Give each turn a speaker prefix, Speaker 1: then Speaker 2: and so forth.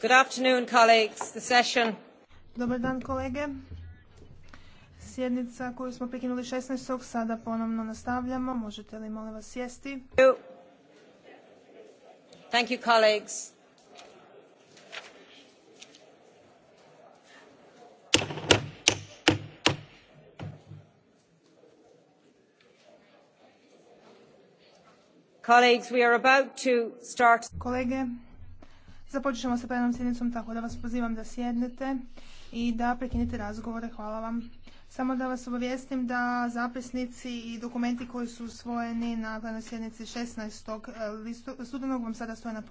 Speaker 1: Good afternoon, colleagues. The session.
Speaker 2: Dobar dan kolege. Sjednica koju smo prekinuli 16. sada ponovno nastavljamo. Možete li molim vas sjesti? Thank you, colleagues.
Speaker 3: Colleagues, we are about
Speaker 2: to start. Kolege, Započet ćemo sa prednom sjednicom, tako da vas pozivam da sjednete i da prekinite razgovore. Hvala vam. Samo da vas obavijestim da zapisnici i dokumenti koji su usvojeni na plenarnoj sjednici 16.
Speaker 4: Eh, studenog vam sada stoje na